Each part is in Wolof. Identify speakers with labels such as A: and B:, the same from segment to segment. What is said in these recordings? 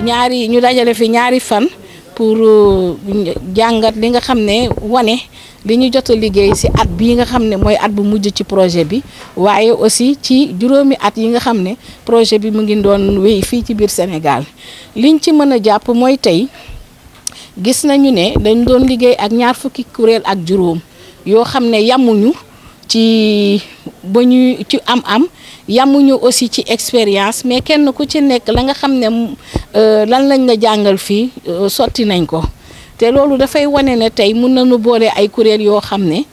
A: ñaari ñu dajale fi ñaari fan pour euh, jàngat li nga xam ne wane li ñu jot liggéey ci at bii nga xam ne mooy at bu mujj ci projet bi waaye aussi ci juróomi at yi nga xam ne projet bi mu ngi doon wéy fii ci biir Sénégal liñ ci mën a jàpp mooy tey gis nañu ne dañ doon liggéey ak ñaar fukki kuréel ak juróom yoo xam ne yamuñu ci ba ñuy ci am-am yamuñu aussi ci expérience mais kenn ku ci nekk la nga xam ne euh, lan lañ la jàngal fii euh, sotti nañ ko te loolu dafay wane ne tey mun nañu boole ay kuréel yoo xam ne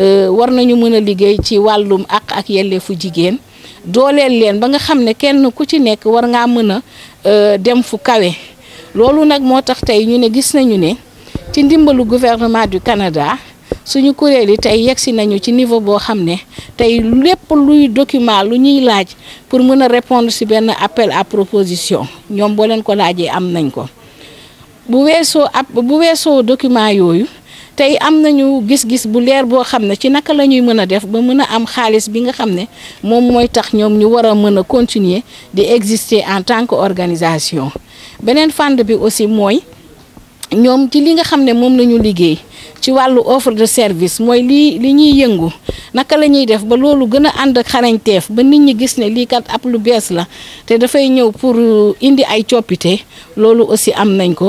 A: euh, war nañu mën a liggéey ci wàllum ak ak yelleefu jigéen dooleel leen ba nga xam ne kenn ku ci nekk war ngaa mën a dem fu kawe loolu nag moo tax tey ñu ne gis nañu ne ci ndimbalu gouvernement du Canada. suñu kuréel yi tey yegsi nañu ci niveau boo xam ne tey lépp luy document lu ñuy laaj pour mën a répondre si benn appel à proposition ñoom boo leen ko laajee am nañ ko bu weesoo ab bu weesoo document yooyu tey am nañu gis-gis bu leer boo xam ne ci naka la ñuy mën a def ba mën a am xaalis bi nga xam ne moom mooy tax ñoom ñu war a mën a continuer di exister en tant que organisation beneen fànn bi aussi mooy ñoom ci li nga xam ne moom la liggéey ci wàllu offre de service mooy lii li ñuy yëngu naka la ñuy def ba loolu gën a ànd ak xarañteef ba nit ñi gis ne lii kat ab lu bees la te dafay ñëw pour euh, indi ay coppite loolu aussi am nañ ko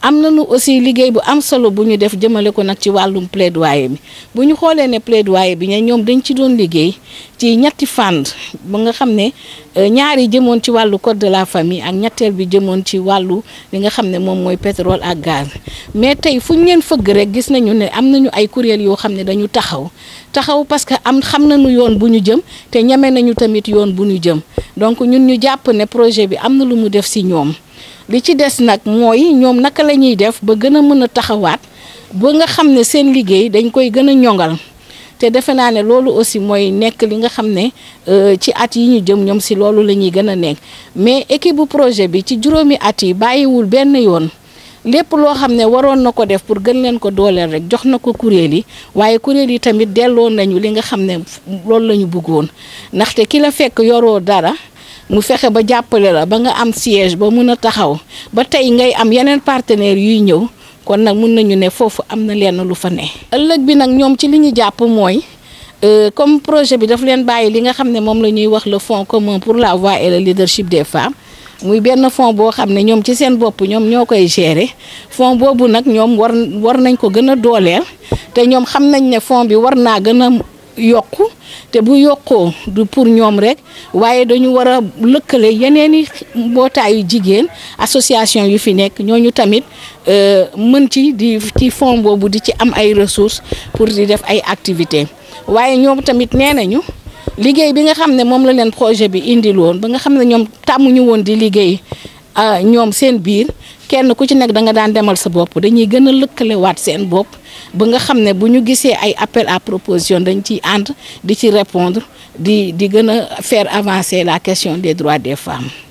A: am na nañu aussi liggéey bu am solo bu ñu def jëmale ko nag ci wàllum plaidoyer bi bu ñu xoolee ne plaidoyer bi ne ñoom dañ ci doon liggéey ci ñetti fànn ba nga xam ne euh, ñaar yi jëmoon ci wàllu code de la famille ak ñetteel bi jëmoon ci wàllu li nga xam ne moom mooy pétrole ak gaz mais tey fu ñu fëgg rek gis nañu ne am nañu ay kuréel yoo xam ne dañu taxaw taxaw parce que am xam nañu yoon bu ñu jëm te ñeme nañu tamit yoon bu ñu jëm donc ñun ñu jàpp ne projet bi am na lu mu def si ñoom. li ci des nag mooy ñoom naka la ñuy def ba gën a mën a taxawaat ba nga xam ne seen liggéey dañ koy gën a ñongal te defe naa ne loolu aussi mooy nekk li nga xam ne euh, ci at yi ñu jëm ñoom si loolu la ñuy gën a nekk mais équipe bu projet bi ci juróomi at yi bàyyiwul benn yoon lépp loo xam ne waroon na ko def pour gën leen ko dooleel rek jox na ko kuréel yi waaye kuréel yi tamit delloon nañu li nga xam ne loolu lañu buggoon ndaxte ki la fekk yoroo dara mu fexe ba jàppale la ba nga am siège ba mun a taxaw ba tey ngay am yeneen partenaires yuy ñëw kon nag mun nañu ne foofu am na lenn lu fa ne. ëllëg bi nag ñoom ci li ñu jàpp mooy euh, comme projet bi daf leen bàyyi li nga xam ne moom la ñuy wax le fonds commun pour la voix et le leadership des femmes. muy benn fonds boo xam ne ñoom ci seen bopp ñoom ñoo koy gérer fonds boobu nag ñoom war war nañ ko gën a dooleel te ñoom xam nañ ne fonds bi war naa gën a yokku te bu yokkoo pour ñoom rek waaye dañu war a lëkkale yeneen i mbootaayu jigéen association yu fi nekk ñooñu tamit euh, mën ci di ci fond boobu di ci am ay ressources pour di def ay activités waaye ñoom tamit nee nañu liggéey bi nga xam ne moom la leen projet bi indi woon ba nga xam ne ñoom tàmmuñu woon di liggéey euh, ñoom seen biir kenn ku ci nekk da nga daan demal sa bopp dañuy gën a waat seen bopp ba nga xam ne bu ñu gisee ay appel à proposition dañ ciy ànd di ci répondre di di gën a faire avancer la question des droits des femmes